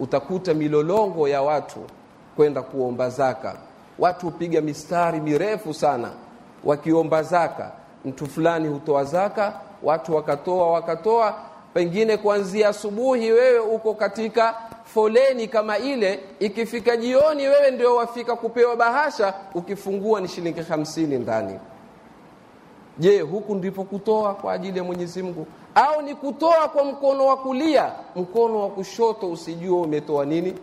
[SPEAKER 5] utakuta milolongo ya watu kwenda kuomba zaka watu hupiga mistari mirefu sana wakiomba zaka mtu fulani hutoa zaka watu wakatoa wakatoa pengine kuanzia asubuhi wewe uko katika foleni kama ile, ikifika jioni wewe ndio wafika kupewa bahasha, ukifungua ni shilingi hamsini ndani. Je, huku ndipo kutoa kwa ajili ya Mwenyezi Mungu au ni kutoa kwa mkono wa kulia, mkono wa kushoto usijua umetoa nini?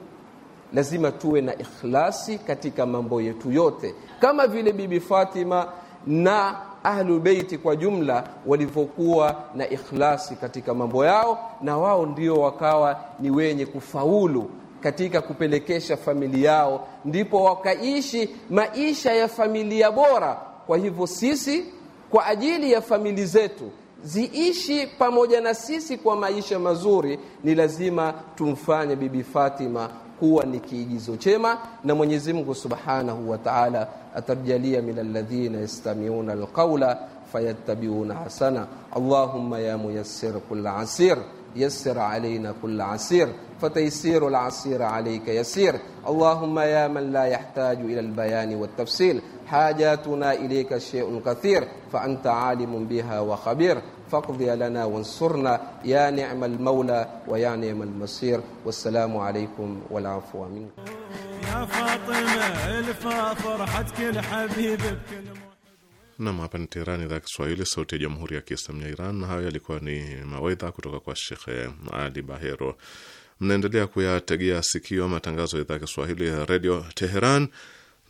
[SPEAKER 5] Lazima tuwe na ikhlasi katika mambo yetu yote, kama vile Bibi Fatima na ahlu beiti kwa jumla walivyokuwa na ikhlasi katika mambo yao, na wao ndio wakawa ni wenye kufaulu katika kupelekesha familia yao, ndipo wakaishi maisha ya familia bora. Kwa hivyo sisi kwa ajili ya famili zetu ziishi pamoja na sisi kwa maisha mazuri, ni lazima tumfanye Bibi Fatima kuwa ni kiigizo chema na Mwenyezi Mungu Subhanahu wa Ta'ala atamjalia min alladhina yastami'una alqawla fayattabi'una hasana Allahumma ya muyassir kull asir يسر علينا كل عسير فتيسير العسير عليك يسير اللهم يا من لا يحتاج إلى البيان والتفصيل حاجاتنا إليك شيء كثير فأنت عالم بها وخبير faqdi lana wansurna ya ni'mal maula wa ya ni'mal masir. Wassalamu alaykum wal afwa minkum
[SPEAKER 4] ya Fatima alfa farhatka alhabib
[SPEAKER 5] Nam, hapa
[SPEAKER 3] ni Teherani, idhaa ya Kiswahili, sauti ya jamhuri ya kiislamu ya Iran. Na hayo yalikuwa ni mawaidha kutoka kwa Shekhe Ali Bahero. Mnaendelea kuyategea sikio matangazo ya idhaa ya Kiswahili ya redio Teheran.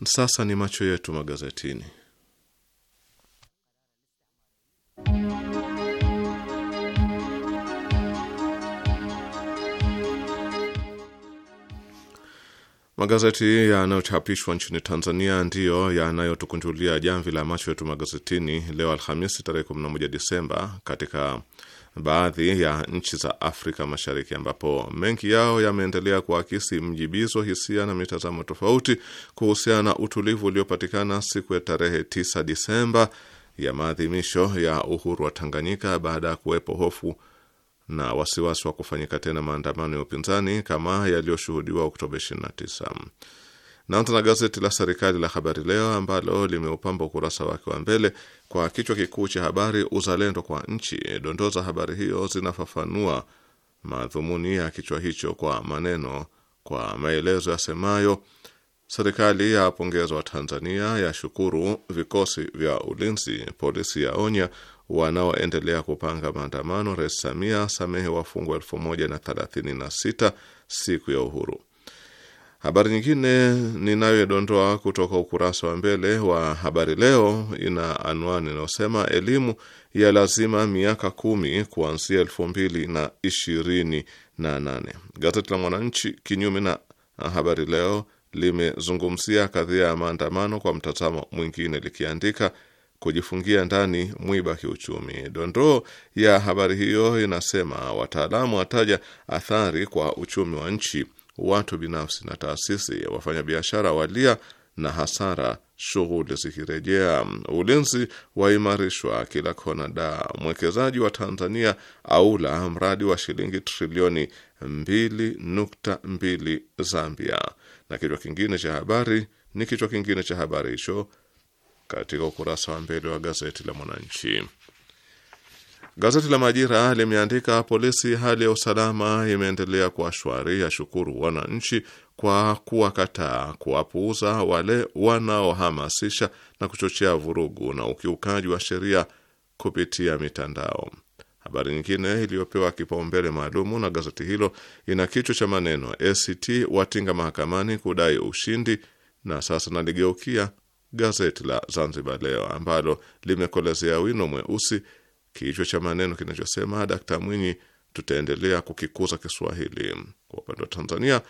[SPEAKER 3] Sasa ni macho yetu magazetini. Magazeti yanayochapishwa nchini Tanzania ndiyo yanayotukunjulia jamvi la macho yetu magazetini leo Alhamisi tarehe 11 Disemba, katika baadhi ya nchi za Afrika Mashariki, ambapo mengi yao yameendelea kuakisi mjibizo, hisia na mitazamo tofauti kuhusiana na utulivu uliopatikana siku ya tarehe 9 Disemba ya maadhimisho ya uhuru wa Tanganyika baada ya kuwepo hofu na wasiwasi wa kufanyika tena maandamano ya upinzani kama yaliyoshuhudiwa Oktoba 29. Naanza na gazeti la serikali la Habari Leo ambalo limeupamba ukurasa wake wa mbele kwa kichwa kikuu cha habari, uzalendo kwa nchi. Dondoo za habari hiyo zinafafanua madhumuni ya kichwa hicho kwa maneno, kwa maelezo yasemayo Serikali ya pongezwa Tanzania, yashukuru vikosi vya ulinzi, polisi yaonya wanaoendelea kupanga maandamano, Rais Samia samehe wafungwa elfu moja na thelathini na sita siku ya uhuru. Habari nyingine ninayodondoa kutoka ukurasa wa mbele wa Habari Leo ina anwani inayosema elimu ya lazima miaka kumi kuanzia elfu mbili na ishirini na nane. Gazeti la Mwananchi kinyume na Habari Leo limezungumzia kadhia ya maandamano kwa mtazamo mwingine likiandika kujifungia ndani mwiba kiuchumi. Dondoo ya habari hiyo inasema wataalamu wataja athari kwa uchumi wa nchi, watu binafsi na taasisi, wafanyabiashara walia na hasara, shughuli zikirejea, ulinzi waimarishwa kila kona da, mwekezaji wa Tanzania aula mradi wa shilingi trilioni 2.2 Zambia, na kichwa kingine cha habari ni kichwa kingine cha habari hicho katika ukurasa wa mbele wa gazeti la Mwananchi. Gazeti la Majira limeandika polisi, hali ya usalama imeendelea kuwa shwari, yashukuru wananchi kwa kuwakataa kuwapuuza wale wanaohamasisha na kuchochea vurugu na ukiukaji wa sheria kupitia mitandao. Habari nyingine iliyopewa kipaumbele maalumu na gazeti hilo ina kichwa cha maneno ACT watinga mahakamani kudai ushindi, na sasa naligeukia gazeti la Zanzibar Leo ambalo limekolezea wino mweusi kichwa cha maneno kinachosema Dkt Mwinyi, tutaendelea kukikuza Kiswahili kwa upande wa Tanzania.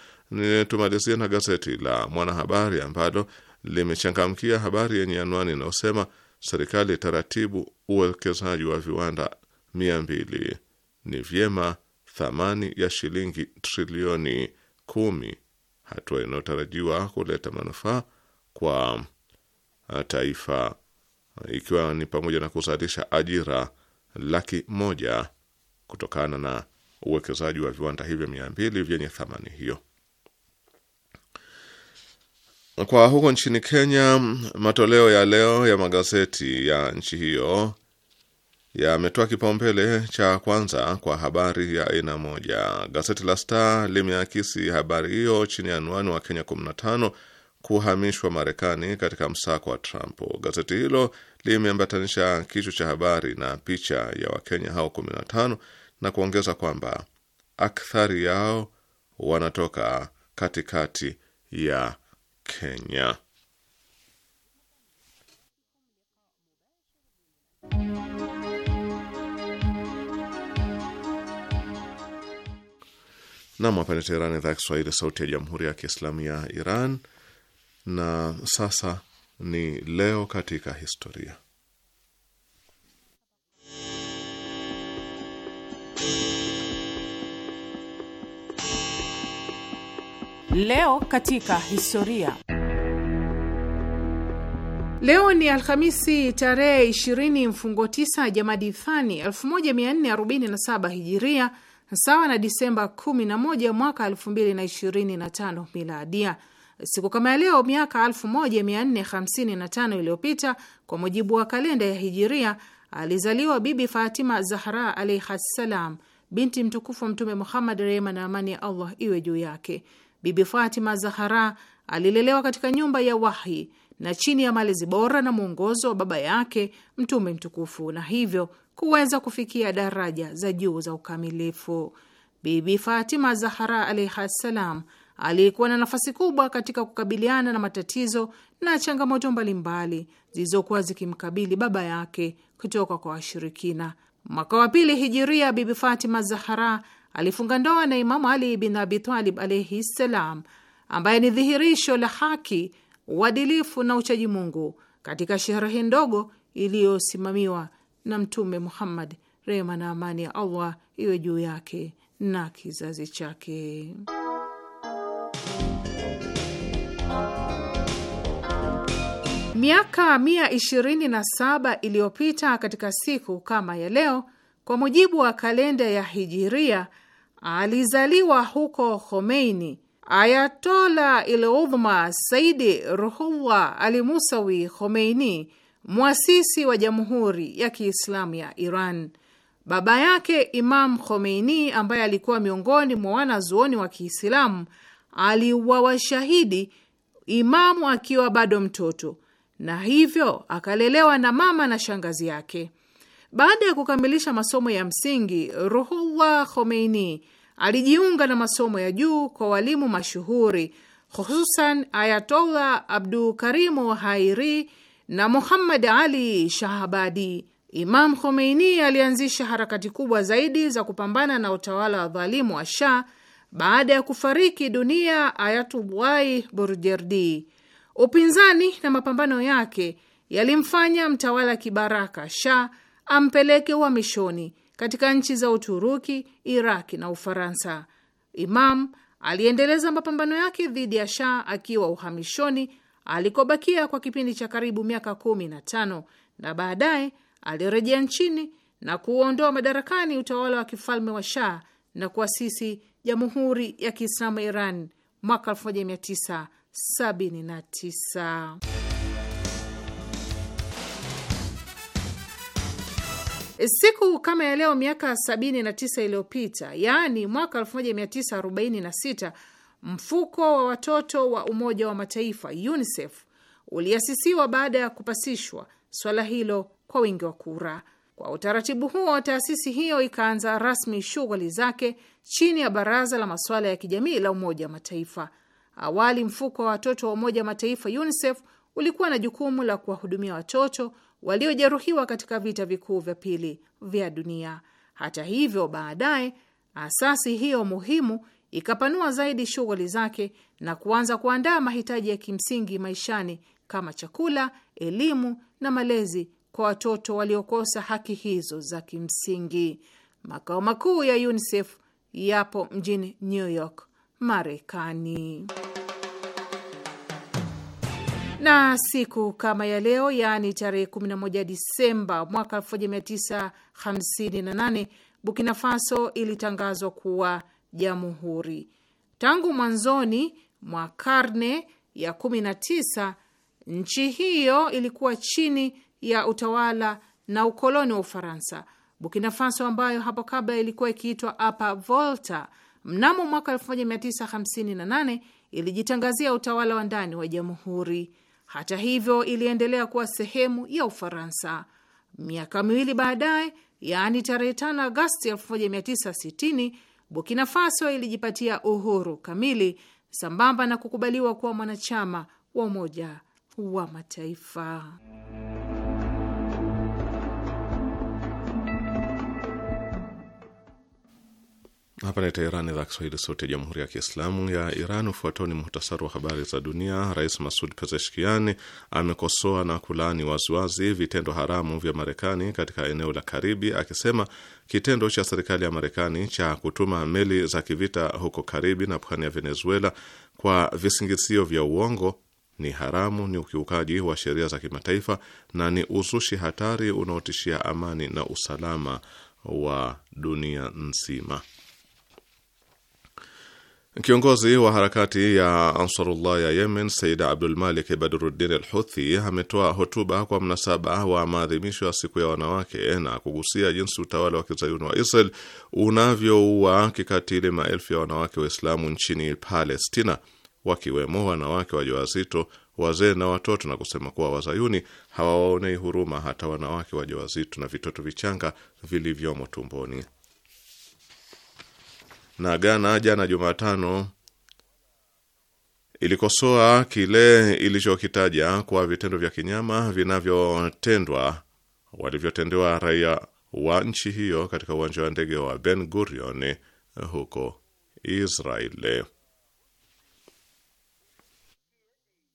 [SPEAKER 3] Tumalizia na gazeti la Mwanahabari ambalo limechangamkia habari yenye anwani inayosema serikali taratibu uwekezaji wa viwanda mia mbili ni vyema thamani ya shilingi trilioni kumi, hatua inayotarajiwa kuleta manufaa kwa Uh, taifa, uh, ikiwa ni pamoja na kuzalisha ajira laki moja kutokana na uwekezaji wa viwanda hivyo mia mbili vyenye thamani hiyo. Kwa huko nchini Kenya, matoleo ya leo ya magazeti ya nchi hiyo yametoa kipaumbele cha kwanza kwa habari ya aina moja. Gazeti la Star limeakisi habari hiyo chini ya anwani wa Kenya kuhamishwa Marekani katika msako wa Trump. Gazeti hilo limeambatanisha kichwa cha habari na picha ya Wakenya hao 15 na kuongeza kwamba akthari yao wanatoka katikati ya Kenya. Nam, hapa ni Teherani, idhaa ya Kiswahili, sauti ya jamhuri ya kiislamu ya Iran na sasa ni leo katika historia.
[SPEAKER 1] Leo katika historia. Leo ni Alhamisi tarehe 20 mfungo 9 Jamadi Thani 1447 Hijiria, sawa na Disemba 11 mwaka 2025 Miladia. Siku kama ya leo miaka 1455 iliyopita kwa mujibu wa kalenda ya Hijiria, alizaliwa Bibi Fatima Zahra alaihi ssalam, binti mtukufu wa Mtume Muhammad, rehema na amani ya Allah iwe juu yake. Bibi Fatima zahra alilelewa katika nyumba ya wahi na chini ya malezi bora na mwongozo wa baba yake Mtume mtukufu, na hivyo kuweza kufikia daraja za juu za ukamilifu. Bibi Fatima zahra alaihi ssalam aliyekuwa na nafasi kubwa katika kukabiliana na matatizo na changamoto mbalimbali zilizokuwa zikimkabili baba yake kutoka kwa washirikina. Mwaka wa pili hijiria, Bibi Fatima Zahara alifunga ndoa na Imamu Ali bin Abitalib alaihi ssalam, ambaye ni dhihirisho la haki, uadilifu na uchaji Mungu katika sherehe ndogo iliyosimamiwa na Mtume Muhammad, rehma na amani ya Allah iwe juu yake na kizazi chake. Miaka mia saba iliyopita katika siku kama ya leo, kwa mujibu wa kalenda ya Hijiria, alizaliwa huko Khomeini Ayatola Iludhma Saidi Ruhullah Ali Musawi Khomeini, mwasisi wa Jamhuri ya Kiislamu ya Iran. Baba yake Imam Khomeini, ambaye alikuwa miongoni mwa wanazuoni wa Kiislamu, aliuawa shahidi Imamu akiwa bado mtoto na hivyo akalelewa na mama na shangazi yake. Baada ya kukamilisha masomo ya msingi, Ruhullah Khomeini alijiunga na masomo ya juu kwa walimu mashuhuri, hususan Ayatollah Abdul Karimu Hairi na Muhammad Ali Shahabadi. Imam Khomeini alianzisha harakati kubwa zaidi za kupambana na utawala wa dhalimu wa Shah baada ya kufariki dunia Ayatullahi Burjerdi. Upinzani na mapambano yake yalimfanya mtawala kibaraka Shah ampeleke uhamishoni katika nchi za Uturuki, Iraki na Ufaransa. Imam aliendeleza mapambano yake dhidi ya Shah akiwa uhamishoni alikobakia kwa kipindi cha karibu miaka kumi na tano na baadaye alirejea nchini na kuondoa madarakani utawala wa kifalme wa Shah na kuasisi Jamhuri ya Kiislamu Iran mwaka tisa 79. Siku kama ya leo miaka 79 iliyopita, yaani mwaka 1946, mfuko wa watoto wa Umoja wa Mataifa UNICEF uliasisiwa baada ya kupasishwa swala hilo kwa wingi wa kura. Kwa utaratibu huo, taasisi hiyo ikaanza rasmi shughuli zake chini ya Baraza la Masuala ya Kijamii la Umoja wa Mataifa. Awali mfuko wa watoto wa Umoja Mataifa UNICEF ulikuwa na jukumu la kuwahudumia watoto waliojeruhiwa katika vita vikuu vya pili vya dunia. Hata hivyo, baadaye asasi hiyo muhimu ikapanua zaidi shughuli zake na kuanza kuandaa mahitaji ya kimsingi maishani kama chakula, elimu na malezi kwa watoto waliokosa haki hizo za kimsingi. Makao makuu ya UNICEF yapo mjini New York, Marekani. Na siku kama ya leo, yaani tarehe 11 Disemba mwaka 1958 Burkina Faso ilitangazwa kuwa jamhuri. Tangu mwanzoni mwa karne ya 19 nchi hiyo ilikuwa chini ya utawala na ukoloni wa Ufaransa. Burkina Faso ambayo hapo kabla ilikuwa ikiitwa Apa Volta mnamo mwaka 1958 ilijitangazia utawala wa ndani wa jamhuri. Hata hivyo, iliendelea kuwa sehemu ya Ufaransa. Miaka miwili baadaye, yaani tarehe 5 Agosti 1960, Burkina Faso ilijipatia uhuru kamili sambamba na kukubaliwa kuwa mwanachama wa Umoja wa Mataifa.
[SPEAKER 4] Hapa
[SPEAKER 3] ni Teherani, idhaa Kiswahili, sauti ya jamhuri ya kiislamu ya Iran. Ufuatao ni muhtasari wa habari za dunia. Rais Masud Pezeshkian amekosoa na kulaani waziwazi vitendo haramu vya Marekani katika eneo la Karibi, akisema kitendo cha serikali ya Marekani cha kutuma meli za kivita huko Karibi na pwani ya Venezuela kwa visingizio vya uongo ni haramu, ni ukiukaji wa sheria za kimataifa na ni uzushi hatari unaotishia amani na usalama wa dunia nzima. Kiongozi wa harakati ya Ansarullah ya Yemen, Said Abdulmalik Badruddin al Huthi, ametoa hotuba kwa mnasaba wa maadhimisho ya siku ya wanawake na kugusia jinsi utawala wa kizayuni wa Israel unavyoua kikatili maelfu ya wanawake Waislamu nchini Palestina, wakiwemo wanawake wajawazito, wazee na watoto, na kusema kuwa wazayuni hawawaonei huruma hata wanawake wajawazito na vitoto vichanga vilivyomo tumboni na Ghana jana Jumatano ilikosoa kile ilichokitaja kwa vitendo vya kinyama vinavyotendwa walivyotendewa raia wa nchi hiyo katika uwanja wa ndege wa Ben Gurion huko Israeli.